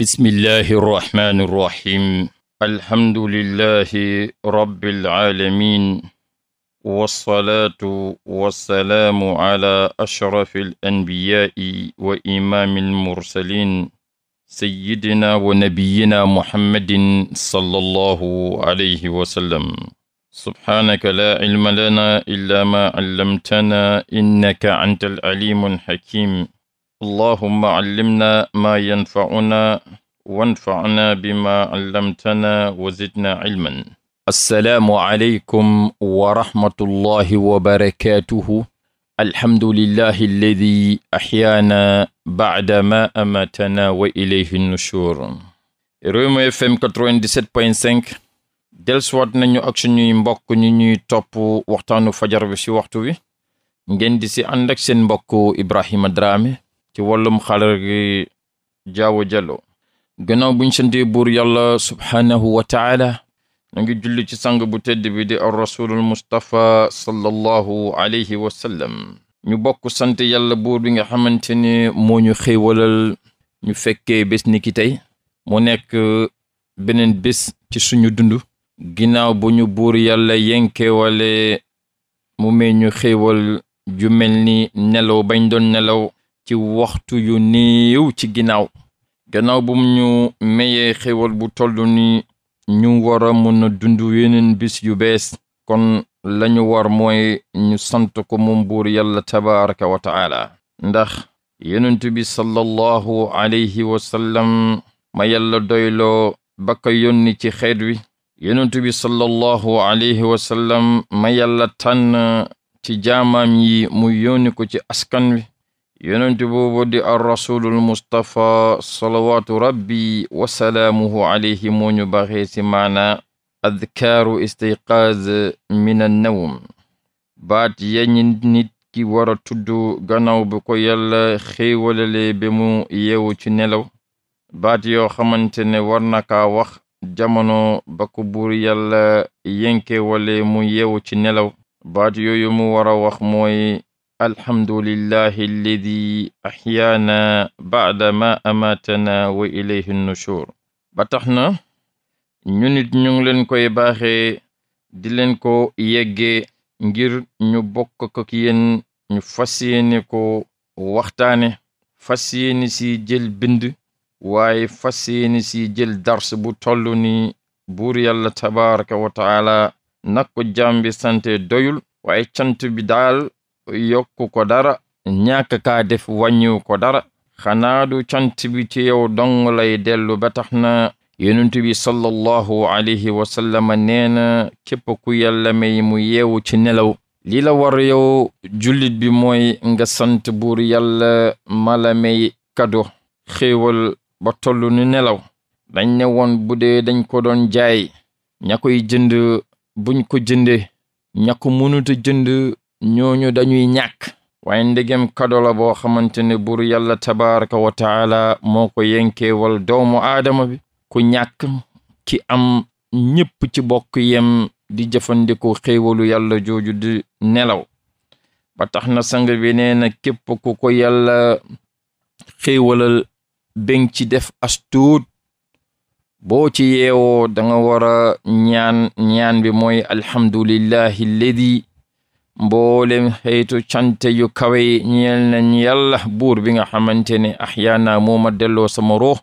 bismillahi irrahmani irrahim alhamdulillahi rabbil alamin wassalaatu wassalaamu ala ashrafi al anbiyaai wa imaami almursalin sayyidina wa nabiyina muhammadin sallallahu alayhi wa sallam subhaanaka laa cilma lanaa illaa maa callamtanaa innaka anta al alimu alxakim اللهم علمنا ما ينفعنا وانفعنا بما علمتنا وزدنا علما السلام عليكم ورحمة الله وبركاته الحمد لله الذي أحيانا بعدما أماتنا وإليه النشور Rewmi FM 97.5 dellusiwaat nañu ak suñuy mbokk ñu ñuy topp waxtaanu fajar bi ci waxtu wi ngeen di ci ànd ak seen mbokk Ibrahima Dramé ci wàllum xalar gi jaawo jallo gannaaw buñ santee buur yàlla subhaanahu wa taala ñu ngi julli ci sang bu tedd bi di ar rasulul mustapha sallallahu wa sallam ñu bokk sant yàlla buur bi nga xamante ne moo ñu xéewalal ñu fekke bés ni ki tey mu nekk beneen bés ci suñu dund ginnaaw bu ñu buur yàlla yenkewale mu mee ñu xéewal ju mel ni nelaw bañ doon nelaw ci waxtu yu néew ci ginnaaw gannaaw bu mu ñu mayee xéwal bu toll ni ñu war a mën a dund yeneen bis yu bees kon lañu war mooy ñu sant ko moom buur yàlla tabaraka wa taala ndax yonent bi sallallahu alayhi wa sallam ma yàlla doyloo ba ko ci xeet wi yonent bi sallallahu alayhi wa sallam ci jaamaam yi mu yónni ko ci askan wi yonent boobu di ar rasulul mustapha salawaatu rabbi wasalaamuhu alayhi moo ñu baaxee ci maana adkaaru istayqaaz min annawm baat yañi nit ki war a tudd gannaaw bu ko yàlla xéewalalee ba mu yeewu ci nelaw baat yoo xamante ne war na kaa wax jamono ba ko buur yàlla yenke mu yeewu ci nelaw baat yooyu mu war a wax mooy alhamdulillahi alladi axyaana baada ma amaatana wa ilayhi nushur ba tax na ñu nit ñu ngi leen koy baaxee di leen ko yeggee ngir ñu bokk ko ñu fas yéene ko waxtaane fas yéene si jël bind waaye fas yéene si jël dars bu toll ni buur yàlla tabaraka wa taala nag doyul waaye cant daal yokku ko dara ñàkk kaa def wàññiw ko dara xanaa du cant bi ci yow dong lay dellu ba tax na yonent bi sallallahu alayhi wa sallam nee na képp ku yalla may mu yeewu ci nelaw lii la war yow jullit bi mooy nga sant buur yàlla mala may kado xéewal ba toll ni nelaw dañ ne woon bu dañ ko doon jaay ña koy buñ ko jënde ña ko mënuta ñooñu dañuy ñàkk waaye ndegem kadola boo xamante ne buur yàlla tabaraka wa moo ko yenkeewal doomu aadama bi ko ñàkk ki am ñépp ci bokk yem di jëfandikoo xéewalu yàlla jooju di nelaw ba tax na sang bi nee na képp ku ko yàlla xéewalal beng ci def astuut boo ci yeewoo danga nga war a ñaan ñaan bi mooy alhamdulillahi alladi mboolem xeetu cante yu kawe ñeel nañ yàlla buur bi nga xamante ne axyaana moo ma delloo sama ruux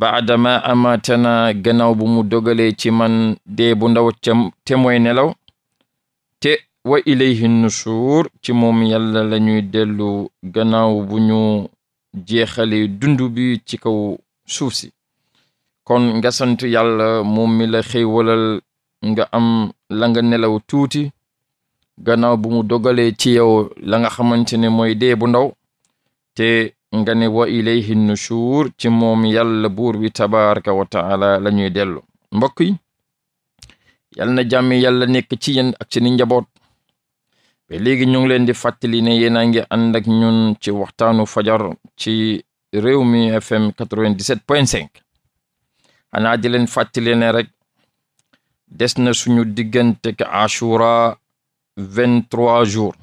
baadama amaatana gannaaw bu mu dogalee ci man dee bu ndaw te mooy nelaw te wa ilayhi nusuur ci moom yàlla la ñuy dellu gannaaw bu ñu jeexale dund bi ci kaw suuf si kon nga sant yàlla moom mi la xëywalal nga am la nga nelaw tuuti gannaaw bu mu dogalee ci yow la nga xamante ne mooy dee bu ndaw te nga ne wa ilayhi nushur ci moom yàlla buur wi tabaraka wa taala la ñuy dellu mbokk yi yàlla na jàmm yàlla nekk ci yéen ak ci ni njaboot ba léegi ñu ngi leen di fàttali ne yéen a ngi ànd ñun ci waxtaanu fajar ci réew mi fm 97.5 xanaa di leen fàttali ne rek des na suñu diggante ak ashura vingt-trois jours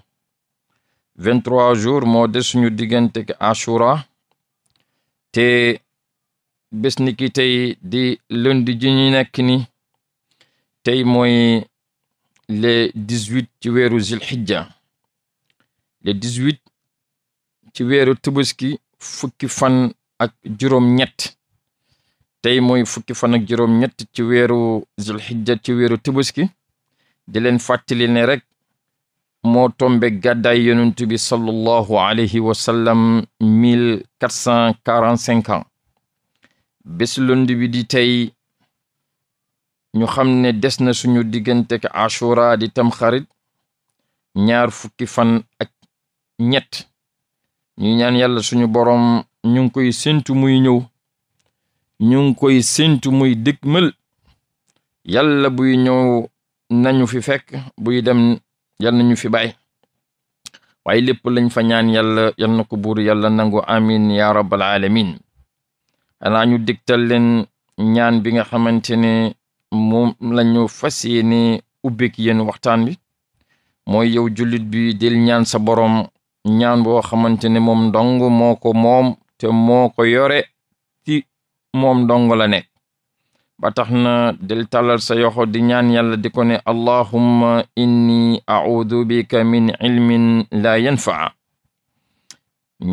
vingt-trois jours moo des suñu diggante ak Ashura te bés ni ki tey di lundi ji nekk ni tey mooy le dix-huit ci weeru Zilhijja le dix-huit ci weeru Tabaski fukki fan ak juróom-ñett tey mooy fukki fan ak juróom-ñett ci weeru Zilhijja ci weeru Tabaski di leen fàttali ne rek moo tombe gàddaay yonent bi sallallahu alayhi wa sallam mille quatre cent quarante cinq ans bés bi di tey ñu xam ne des na suñu diggante ak ashura di tamxarit ñaar fukki fan ak ñett ñu ñaan yàlla suñu borom ñu ngi koy séntu muy ñëw ñu ngi koy séntu muy dëkkmal yàlla buy ñëw nañu fi fekk buy dem yal nañu fi bàyyi waaye lépp lañ fa ñaan yàlla yal na ko buur yàlla nangu amin ya rabbal alamin xanaa ñu digtal leen ñaan bi nga xamante ne moom lañu fas yéene ubbeek yéen waxtaan bi mooy yow jullit bi del ñaan sa boroom ñaan boo xamante ne moom dong moo ko moom te moo yore ci moom dong la nekk ba tax na del tàllal sa yoxo di ñaan yàlla di kone ne allahumma inni audu bika min ilmin la yanfaa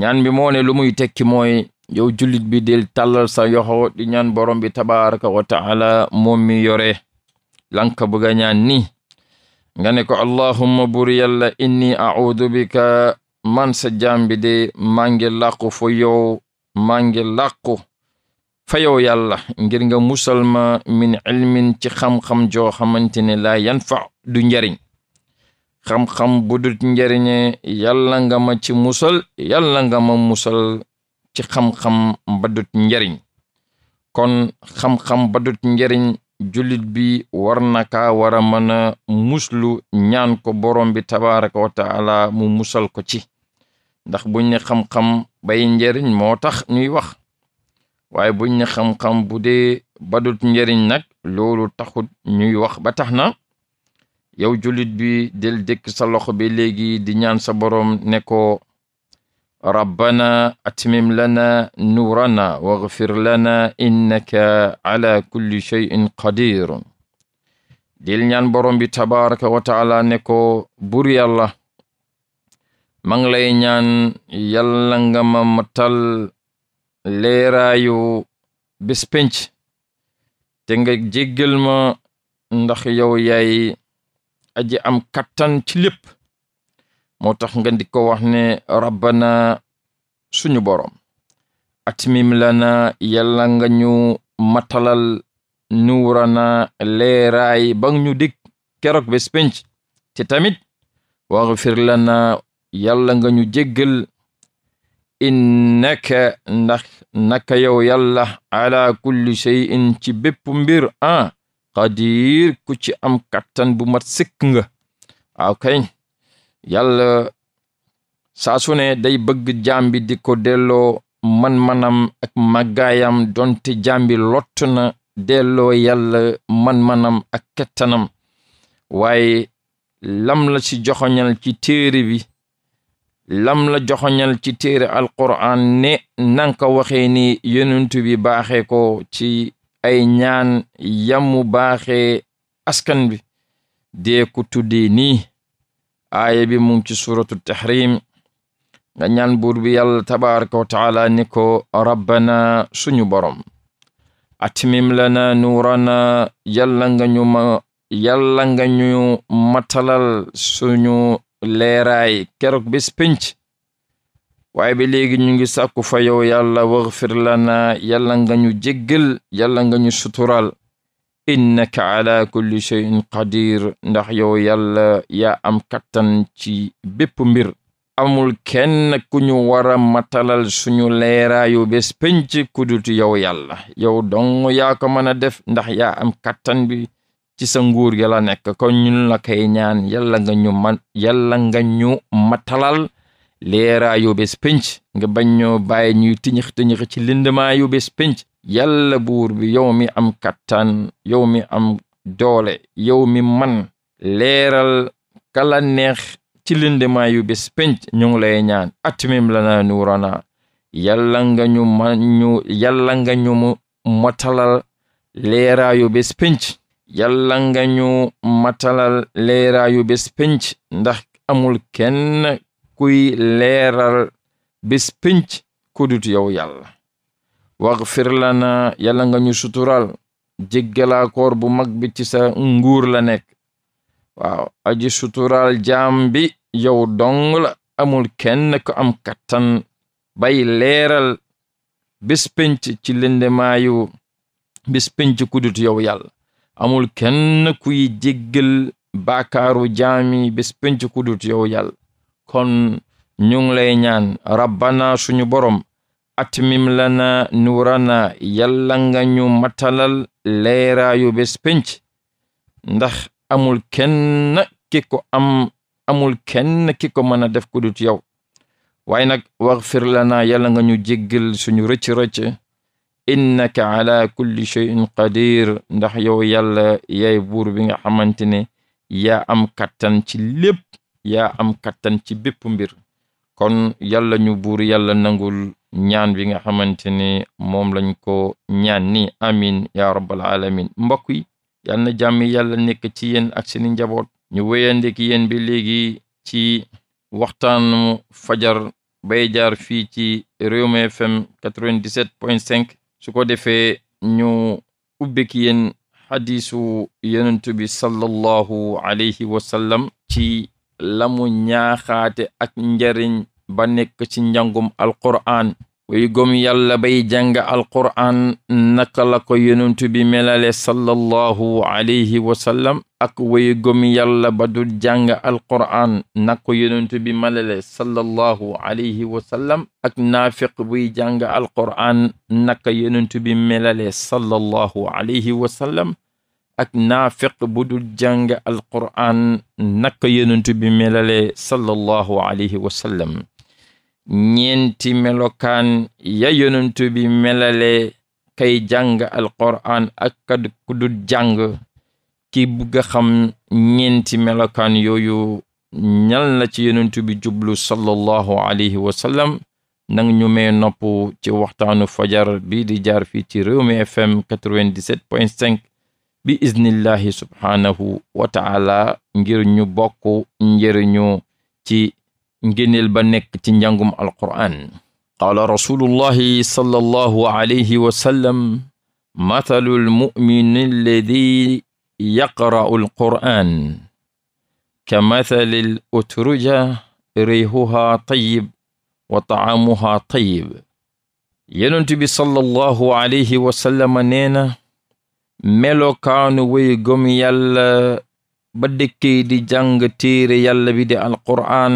ñaan bi moo ne lu tekki mooy yow julit bi del tàllal sa yoxo ñaan borom bi tabaraka wa yore lanka bëgg a ñaan ni nga ne ko allahumma bur yàlla inni audu bika man sa jaam bi de maa ngi làqu yow maa ngi làqu fa yow yàlla ngir nga musal ma min ilmin ci xam-xam joo xamante ne laa yan fa du njariñ xam-xam bu dut njariñe yàlla nga ma ci musal yàlla nga ma musal ci xam-xam ba njariñ kon xam-xam ba dut njariñ julit bi war na kaa war a mën a muslu ñaan ko borom bi tabaraka wa taala mu musal ko ci ndax buñ ne xam-xam bay njariñ moo tax ñuy wax waaye bu ne xam-xam bu de badut njëriñ nag loolu taxut ñuy wax ba tax na yow jullit bi del dëkk sa loxo bi léegi di ñaan sa boroom ne ko rabbana atmim lana nuurana waghfir lana innaka ala kulli shay'in qadir dil ñaan borom bi tabaraka wa taala ne ko bur yàlla ma ngi lay ñaan yàlla nga matal leeraayu bés te nga jéggal ma ndax yow yay aji am kattan ci lépp moo tax nga di ko wax ne rabbana suñu boroom atmim lana yàlla nga ñu matalal nuurana leeraay ba ñu dig keroog bés te tamit waxfir lana yàlla nga ñu jéggal innaka ndax naka yow yàlla ala kulli shay'in ci bépp mbir ah qadir ku ci am kattan bu mat sëkk nga waaw kañ yàlla saa su ne day bëgg jaambi di ko delloo man-manam ak màggaayam donte jaambi lott delloo yàlla man-manam ak kattanam waaye lam la ci joxoñal ci téere bi lam la joxoñal ci téere alquran ne nanka waxee ni yonent bi baaxee ko ci ay ñaan yamu baaxe askan bi dee ku tuddee nii aaya bi mu ngi ci suratu tahrim nga ñaan buur bi yàlla tabaraka wa ni ko rabbana suñu borom atmim lana nuurana yàlla nga ñu ma nga ñu matalal suñu leeraay keroog bés pénc waaye bi léegi ñu ngi sàkku fa yow yàlla waxfir lana yàlla nga ñu jéggal yàlla nga ñu sutural innaka ala kulli shay'in qadir ndax yow yàlla ya am kattan ci bépp mbir amul kenn ku ñu war a matalal suñu leeraayu bés pénc ku dut yow yàlla yow dong yaa ko def ndax yaa am kattan bi ci sa nguur gi la nekk ko ñun la kay ñaan yàlla nga ñu man yàlla nga ñu matalal leeraayu bés pénc nga bañ ñoo bàyyi ñuy tiñix tiñix ci yu bés pénc yàlla buur bi yow mi am kattan yow mi am doole yow mi man leeral kala neex ci lindemaayu bés pénc ñu ngi lay ñaan atmim lana nuurana yàlla nga ñu man ñu nga ñu matalal leeraayu bés pénc yàlla nga ñu matalal leeraayu bés pénc ndax amul kenn kuy leeral bés pénc ku dut yow yàlla waxfir lana yàlla nga ñu sutural jéggalaa bu mag bi ci sa nguur la nekk waaw aji sutural jaam bi yow dong la amul kenn ku am kattan bay leeral bés ci lëndemaayu bés pénc ku dut yow yàlla amul kenn kuy jéggal baakaaru jaami bés penc ku dut yow yàlla kon ñu ngi lay ñaan rabbana suñu borom atmim lana nuurana yàlla nga ñu matalal leeraayu bés penc ndax amul kenn ki am amul kenn ki ko mën a def ku dut yow waaye nag waxfir nga ñu jéggal suñu rëcc-rëcc innaka ala kulli shay'in qadir ndax yow yàlla yaay buur bi nga xamante ne yaa am kattan ci lépp yaa am kattan ci bépp mbir kon yàlla ñu buur yàlla nangul ñaan bi nga xamante ne moom lañ ko ñaan ni amin ya rabbal alamin mbokk yi yal na jàmm yàlla nekk ci yéen ak seeni njaboot ñu wéyandik yéen bi léegi ci waxtaanu fajar bay fii ci Rewmi FM 97 point su ko defee ñu ubbi ki yéen xadiisu yenentu bi sallallahu alayhi wa sallam ci lamu ñaaxaate ak njariñ ba nekk ci njàngum alqur'aan kuy gëm yàlla bay jàng alqur'an naka la ko yonentu bi melale sallallahu alayhi wa ak way gom yàlla ba du jàng alqur'an na ko bi melale sallallahu alayhi wa sallam ak naafiq buy jàng alqur'an naka bi melale sallallahu alayhi wa ak naafiq bu du jàng alqur'an naka yonentu bi melale sallallahu alayhi wa sallam ñeenti melokaan ya yonentu bi melale kay jàng alquraan ak kad ku dul ki bugg a xam ñeenti melokaan yooyu ñal na ci yonentu bi jublu sallallahu alayhi wa nang ñu mee nopp ci waxtaanu fajar bi di jaar fii ci Rewmi FM 97.5 bi iznillahi subhaanahu wa taala ngir ñu bokk njëriñu ci ngénneel ba nekk ci njàngum alqur'an qaala rasulullahi sallallahu alayhi wa sallam mathalu almumini alladi yaqra'u alqur'an kamathali al utruja reyhuha tayib wa taamuha tayib yonent bi sallallahu alayhi wa sallam nee na melokaanu way gëm yàlla ba dëkkee di jàng téere yàlla bi di alqur'an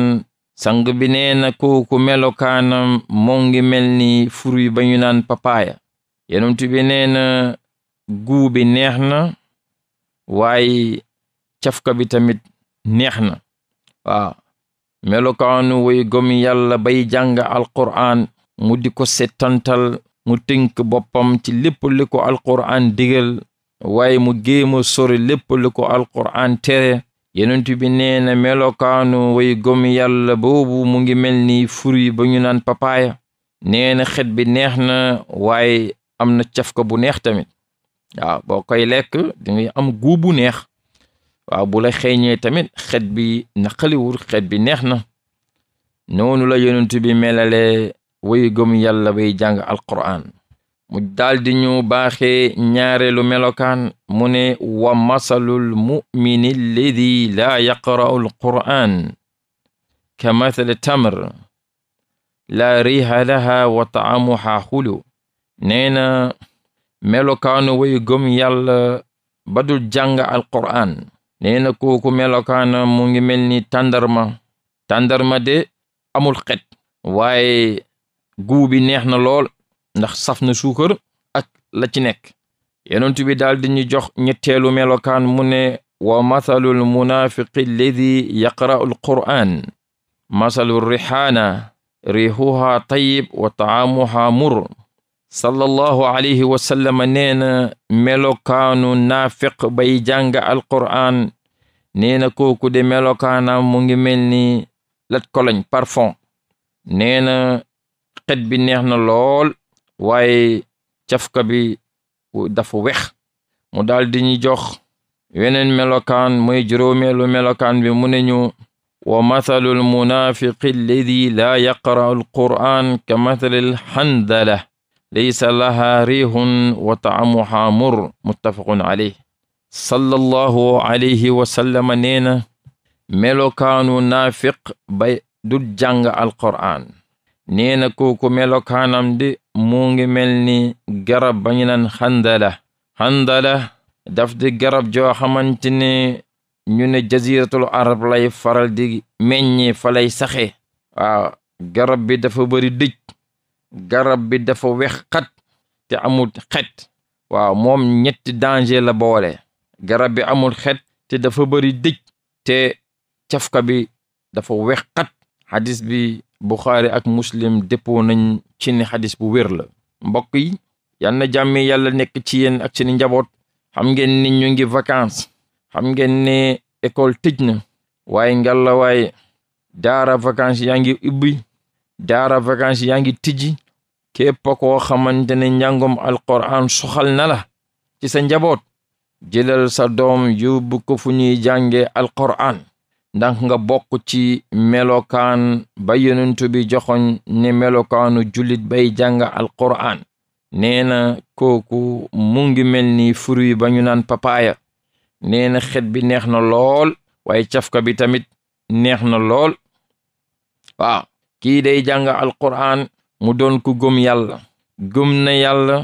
sang bi nee na kooku melokaanam moo ngi mel ni fruit ba ñu naan papaaya yonent bi nee na guu bi neex na waaye cafka bi tamit neex na waaw melokaanu way gom yàlla bay jàng alquraan mu di ko settantal mu tënk boppam ci lépp li ko alquraan digal waaye mu géema sori lépp li ko alquraan tere yonent bi nee na melokaanu way gom yàlla boobu mu ngi mel ni fruit ba ñu naan papaaya neena na bi neex na waaye am na cafka bu neex tamit waaw boo koy lekk dangay am guub bu neex waaw bu la xeeñee tamit xet bi naqaliwul xet bi neex na noonu la yonent bi melale way gom yàlla bay jàng alquran mu daldi ñu baaxe ñaareelu melokaan mu ne wa masalul mumini alladi laa yaqra'u alquran ka mathali tamr laa riha laha wa taamuha xulu nee na melokaanu way gëm yàlla badul dul jàng alquran nee na kooku melokaana mu ngi mel ni tàndarma tàndarma de amul xet waaye guu bi neex na lool ndax saf na suukar ak la ci nekk yonent bi daal jox ñetteelu melokaan mu ne wa mathalul munaafiqi alladi yaqra'u alqur'an masalu rihaana rihuhaa tayyib wa taamuhaa mur sallallahu alayhi wa sallam nee na melokaanu naafiq bay jàng alqur'aan nee na kooku de melokaanam mu ngi mel ni lat koloñ parfum nee na xet bi neex na lool waaye cafka bi dafa wex mu daal di jox weneen melokaan mooy juróomeelu melokaan bi mu ne ñu wa mathalu almunaafiqi alladi laa yaqra'u alqur'aan ka mathali alhandala laysa laha riihun wa taamuhaa mur muttafaqun alayh sallallahu alayhi wa sallama nee na melokaanu naafiq bay du jàng alqur'aan nee na kooku melokaanam di mu ngi mel ni garab ba ñu naan xandala xandala daf di garab joo xamante ne ñu ne jaziratul arab lay faral di meññi falay lay saxe waaw garab bi dafa bari dëj garab bi dafa wex xat te amul xet waaw moom ñetti danger la boole garab bi amul xet te dafa bari dëj te cafka bi dafa wex xat xadis bi buxaari ak muslim dëppoo nañ ci xadis bu wér la mbokk yi yal na jàmme yàlla nekk ci yéen ak seeni njaboot xam ngeen ni ñu ngi vacances xam ngeen ne école tij na waaye ngalla waaye daara vacances yaa ngi ubbi daara vacances yaa ngi tijji képp koo xamante ne njàngom alquran soxal na la ci sa njaboot jëlal sa doom yóbbu ko fu ñuy jànge alquran ndax nga bokk ci melokaan ba yonentu bi joxoñ ne melokaanu jullit bay jàng alquraan nee na kooku mu ngi mel ni fruit ba ñu naan papaaya nee na xet bi neex na lool waaye cafka bi tamit neex na lool waaw kii day jàng alquraan mu doon ku gëm yàlla gëm na yàlla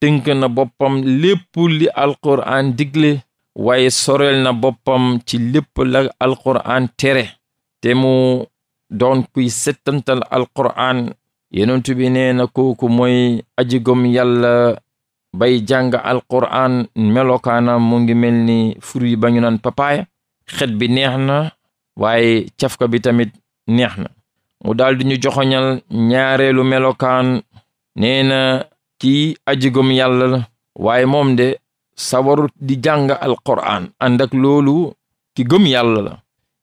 tënk na boppam lépp li alquraan digle waaye sorel na boppam ci lépp la alquraan tere te mu doon kuy settantal alquraan yonent bi nee na kooku mooy aji gëm yàlla bay jàng alquraan melokaana mu ngi mel ni fruit bañu ba ñu papaaya xet bi neex na waaye cafka bi tamit neex na mu daal di ñu joxoñal ñaareelu melokaan nee na kii aji gëm yàlla la moom de sawarut di jàng alquran ànd loolu ki gëm yàlla la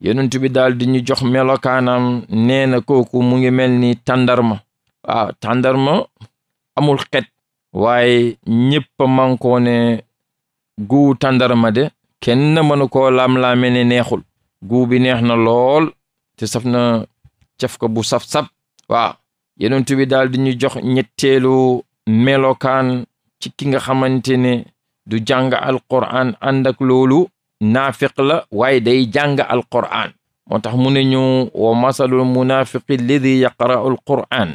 yonent bi daal di ñu jox melokaanam nee na kooku mu ngi mel ni tàndarma waaw ah, tàndarma amul xet waaye ñépp mankoone gu guu tàndarma de kenn mënu koo laam-laame ne neexul guu bi neex na lool te saf na caf ko bu saf-saf waaw yonent bi daal ñu jox ñetteelu melokaan ci ki nga xamante du jàng alquran ànd ak loolu naafiq la waaye day jàng alquran moo tax mu ne ñu wa masalul munaafiqi lladi yaqra'u alquran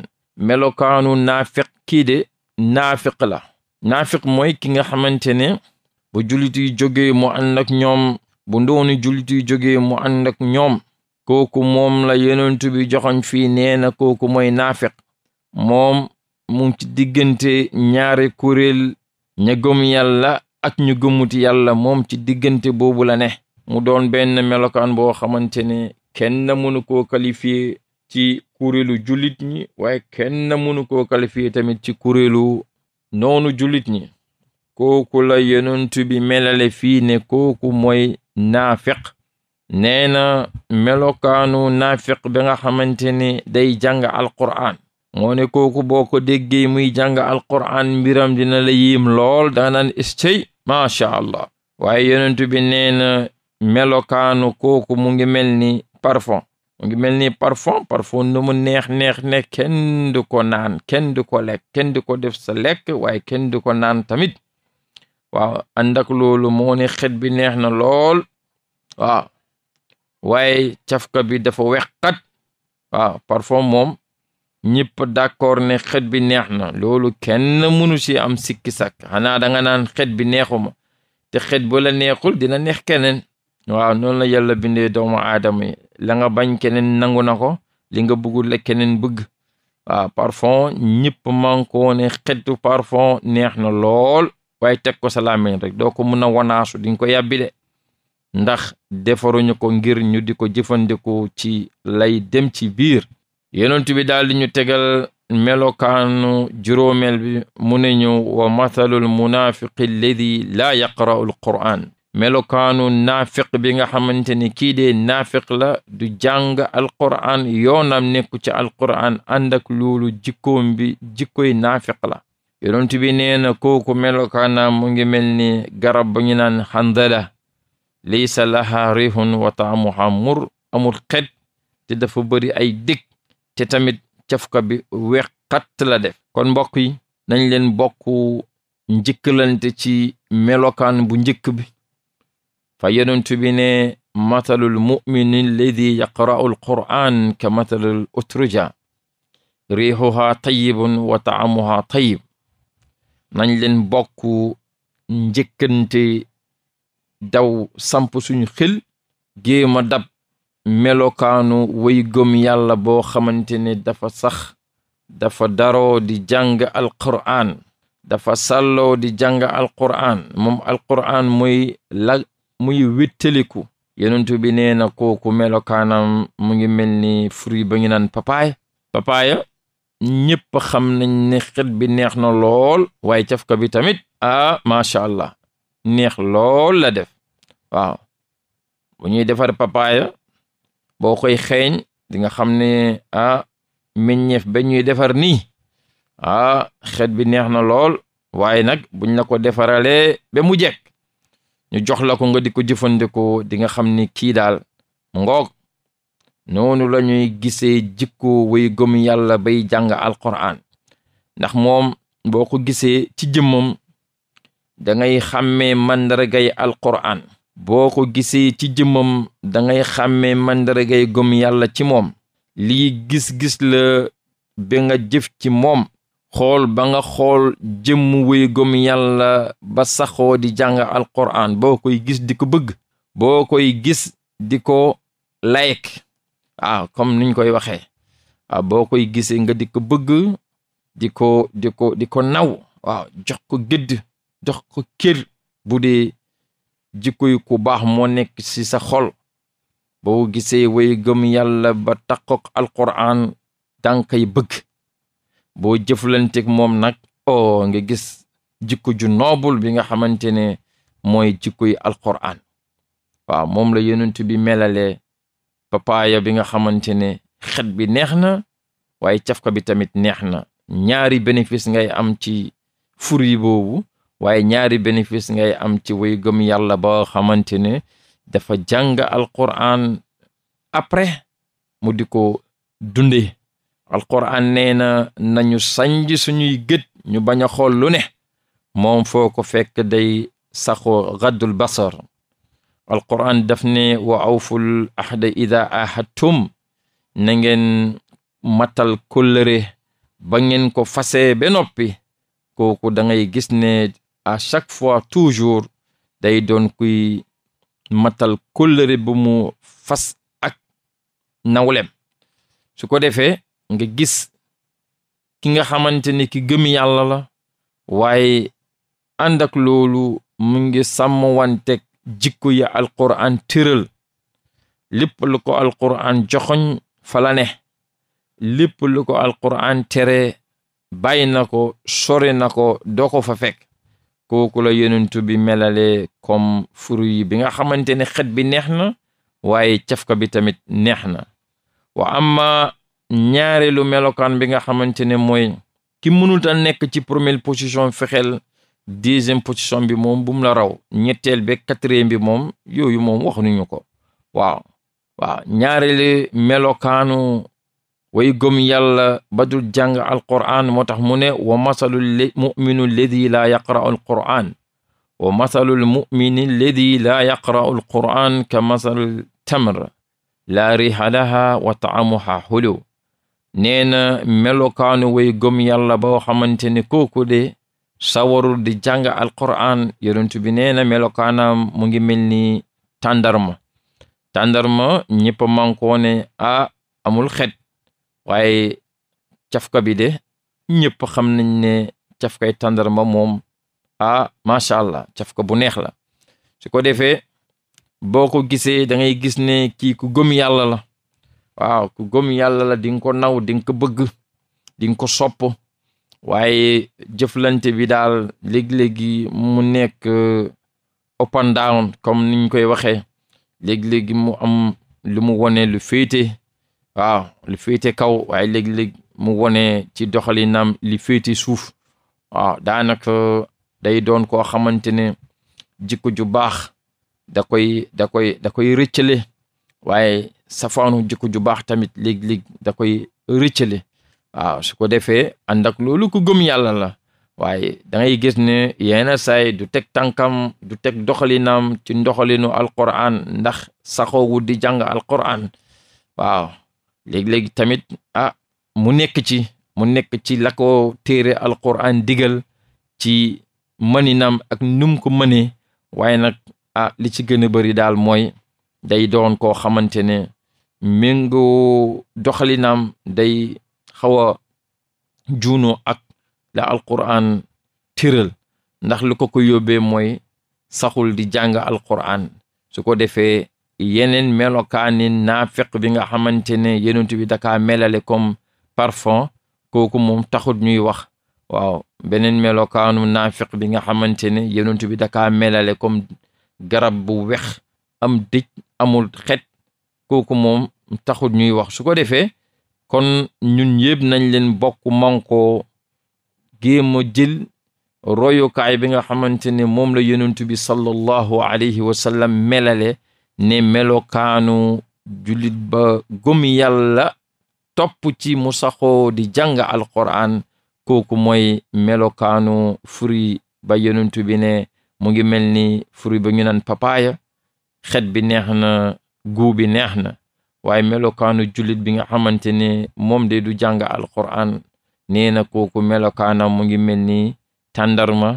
melokaanu naafiq kii de naafiq la naafiq mooy ki nga xamante ne bu jullit yi jógee mu ànd ak ñoom bu ndoonu jullit yi jógee mu ànd ak ñoom kooku moom la yonent bi joxoñ fii nee na kooku moy naafiq moom mu ci diggante ñaari kuréel ña gëm yàlla ak ñu gëmut yàlla moom ci diggante boobu la ne mu doon benn melokaan boo xamante ni kenn mënu koo qualifié ci kuréelu jullit ñi waaye kenn mënu koo qualifié tamit ci kuréelu noonu julit ñi kooku la yonentu bi melale fii ne kooku mooy naafiq nee na melokaanu naafiq bi nga xamante ne day jàng alquraan moo ne kooku boo ko déggee muy jàng alquraan mbiram dina la yiim lool danga naan iscey allah waaye yonentu bi neena melokaanu kooku mu ngi mel ni parfum mu ngi mel ni parfum parfum nu mu neex neex ne kenn du ko naan kenn du ko lekk kenn du ko def sa lekk waaye kenn du ko naan tamit waaw ànd loolu moone ne xet bi neex na lool waaw waaye cafka bi dafa weqat waaw parfum moom ñëpp d'accord ne xet bi neex na loolu kenn mënu ci am sikki sak xanaa danga naan xet bi neexuma te xet bu neexul dina neex keneen waaw noonu la yàlla bindee doomu aadama yi la nga bañ keneen nangu na ko li nga bëggul la keneen bëgg waaw parfum ñëpp mànkoo ne xetu parfum neex na lool waaye teg ko sa rek doo ko mun a wanaasu di nga ko yàbbi de ndax defaruñu ko ngir ñu di ko jëfandikoo ci lay dem ci biir yonent bi daal di ñu tegal melokaanu juróomeel bi mu ne ñu wa mathalul munaafiqi alladi laa yaqra'u alqur'an melokaanu naafiq bi nga xamante ni kii dee naafiq la du jàng alqur'an yoonam nekku ci alqur'an ànd ak loolu jikkoom bi jikkoy naafiq la yonent bi neena na kooku melokaana mu ngi mel ni garab bu ñu naan xandala laysa laha rihun wa taamuha mur amul xet te dafa bëri ay dëkk te tamit cafka bi weex xatt la def kon mbokk yi nañ leen bokk njëkkalante ci melokaan bu njëkk bi fa yonent bi ne matalul mumini alladi yaqra'u alquran ka matalul utruja riixuha tayibun wa taamuha tayib nañ leen bokk njëkkante daw samp suñu xel géema dab melokaanu way gëm yàlla boo xamante ne dafa sax dafa daroo di jàng alqur'aan dafa sàlloo di jàng alqur'aan moom alqur'aan muy la muy wéttaliku yonent bi nee na kooku melokaanam mu ngi mel ni fruit ba ñu naan papaaya papaaya ñépp xam nañ ne xet bi neex na lool waaye cafka bi tamit ah macha allah neex lool la def waaw bu ñuy defar papaaya boo koy xeeñ dinga xam ne ah meññeef ba ñuy defar nii a ah, xet bi neex na lool waaye nag buñ la ko defaralee ba mu jekk ñu jox la ko nga di ko jëfandikoo dinga xam ni kii daal ngoog noonu la ñuy gisee jikko way gëm yàlla bay jàng alquraan ndax moom boo ko gisee ci jëmmam da ngay xàmmee mandargay alquraan boo ko gisee ci jëmmam dangay xàmmee màndargay gëm yàlla ci moom lii gis-gis la ba nga jëf ci moom xool ba nga xool jëmm wuy gëm yàlla ba saxoo di jàng alquraan boo koy gis di ko bëgg boo koy gis di ko layek waaw comme niñ koy waxee boo koy gisee nga di ko bëgg di ko di ko di ko naw jox ko gëdd jox ko kër bu dee jikkoy ku baax moo nekk ci sa xol boo gisee way yàlla ba taqook alquran dànkay bëgg boo jëflanteek moom nag oo oh, nga gis jikko ju noobul bi nga xamante ne mooy jikkoy alquran waaw moom la yonent bi melalee papaaya bi nga xamante ne xet bi neex na waaye cafka bi tamit neex na ñaari bénéfice ngay am ci fruit boobu waaye ñaari bénéfice ngay am ci way gëm yàlla ba xamante ne dafa jàng alquran mu di ko dunde alquran nee na nañu sanj suñuy gët ñu bañ a xool lu ne moom foo ko fekk day saxoo gaddul basar alquran daf ne wa awful ahda ida ahadtum na ngeen matal kóllëre ba ngeen ko fasee ba noppi kooku da ngay gis ne à chaque fois toujours day doon kuy matal kóllëre bu mu fas ak nawlem su ko defee nga gis ki nga xamante ni ki gëm yàlla la waaye ànd ak loolu mu ngi sàmm wanteeg jikko yi alquran tëral lépp lu ko alquran joxoñ fala ne lépp lu ko alquran tere bàyyi na ko sore na ko doo ko fa fekk kooku la yonentu bi melale comme fruit bi nga xamante ne xet bi neex na waaye cafka bi tamit neex na wa amma ñaareelu melokaan bi nga xamante ne mooy ki mënul ta nekk ci première position fexeel deuxième position bi moom bu mu la raw ñetteel be quatrième bi moom yooyu moom wax nuñu ko waaw ñaareelu melokaanu way gëm yàlla ba dul jàng alquran moo tax mu ne wa masalul muminu ledi laa yaqra'u alquran wa masalul mumini ledi laa yaqra'u alquran ka masalul tamr laa riixa wa taamuha xulu nee na melokaanu way gëm yàlla boo xamante ne kooku de sawarul di jàng alquran yonent bi nee na melokaanam mu ngi mel ni tàndarma tàndarma ñëpp mankoone a ah, amul xet waaye cafka bi de ñëpp xam nañ ne cafkay tàndarma moom a ah, macha allah cafka bu neex la si ko defee boo ko gisee da ngay gis ne kii ku gëm yàlla la waaw ku gëm yàlla la di ko naw di nga ko bëgg di ko sopp waaye jëflante bi daal léegi-léegi mu nekk uh, up and down comme niñ koy waxee léegi-léegi mu am lu mu wone lu féete waaw li féete kaw waaye léeg-léeg mu wone ci doxalinam li féete suuf waaw daanaka day doon koo xamante ne jikko ju baax da koy da koy da koy rëccale waaye safaanu jikko ju baax tamit léeg-léeg da koy rëccale waaw su ko defee ànd ak loolu ku gëm yàlla la waaye dangay gis ne yenn saay du teg tànkam du teg doxalinam ci ndoxalinu Alquran ndax saxoowu di jàng Alquran waaw léegi-léegi tamit ah mu nekk ci mu nekk ci la ko téere alquran digal ci maninam ak num ko mënee waaye nag ah li ci gën a bëri daal mooy day doon koo xamante ne méngoo doxalinam day xaw a juunoo ak la alquran tëral ndax lu ko ko yóbbee mooy saxul di jàng alquran su ko defee yeneen melokaani naafiq bi nga xamante ne yenentu bi dakaa melale comme parfum kooku moom taxut ñuy wax waaw beneen melokaanu naafiq bi nga xamante ne yenentu bi dakaa melale comme garab bu wex am dëj amul xet kooku moom taxut ñuy wax su ko defee kon ñun yëpp nañ leen bokk mankoo géem a jël royukaay bi nga xamante ne moom la yenentu bi sallallahu alayhi wa melale ne melokaanu jullit ba gëm yàlla topp ci mu saxoo di jàng alquran kooku mooy melokaanu furi ba yonentu bi ne mu ngi mel ni furi ba ñu naan papaaya xet bi neex na guu bi neex na waaye melokaanu jullit bi nga xamante ne moom de du jàng alquran nee na kooku melokaana mu ngi mel ni tàndarma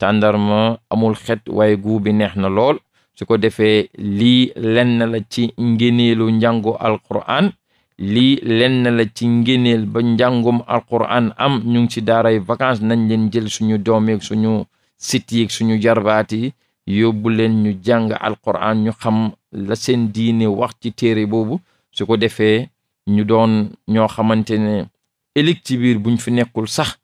tàndarma amul xet waaye guu bi neex na lool su ko defee lii lenn la ci ngéneelu njàngu alquran lii lenn la ci ngéneel ba njàngum alquran am ñu ngi ci daaray vacances nañ leen jël suñu doom suñu sit suñu jarbaat yi yóbbu leen ñu jàng alquran ñu xam la seen diine wax ci téere boobu su ko defee ñu doon ñoo xamante ne ëllëg ci biir buñ fi nekkul sax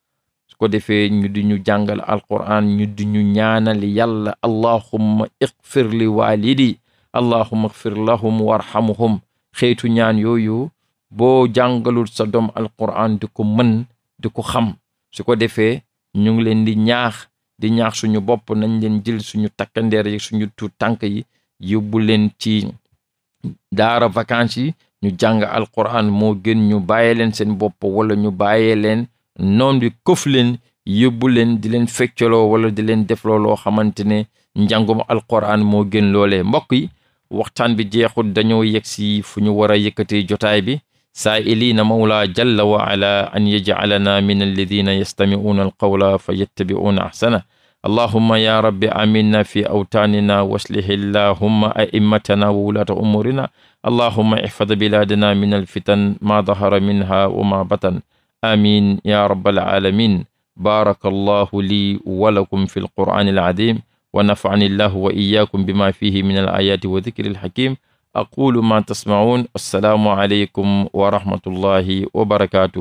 ko defee ñu di ñu jàngal alquran ñu di ñu ñaanali yàlla allahumma ighfir li walidi allahumma ighfir lahum xeetu ñaan yooyu boo jàngalul sa doom alquran di ko mën di ko xam su ko defee ñu ngi leen di ñaax di ñaax suñu bopp nañ leen jël suñu takkandeer yi suñu tuut tànk yi yóbbu leen ci daara vacances yi ñu jàng alquran moo gën ñu bàyyee leen seen bopp wala ñu bàyyee leen noon bi këf leen yóbbu leen di leen feccoloo wala di leen defloo loo xamante ne njàngum alquran moo gën mbokk yi waxtaan bi jeexul dañoo yegg si fu ñu war a yëkkatee jotaay bi saa iliina mawla jalla wa ala an yajcalana min alladina yastamicuuna fa yattabicuuna axsana allahumma ya rabbi aminna fi awtaanina waslih illahumma a'immatana wa wulaata umuurina allahumma ihfad bilaadana min alfitan ma dahara minha amin ya rabbal alamin baraka allahu lii wa lakum fi alqur'ani alazim wa nafa'ani llahu wa iyyakum bima fihi min alayati wa dhikri alhakim aqulu ma tasma'un assalaamu alaykum wa rahmatullahi wa barakatuh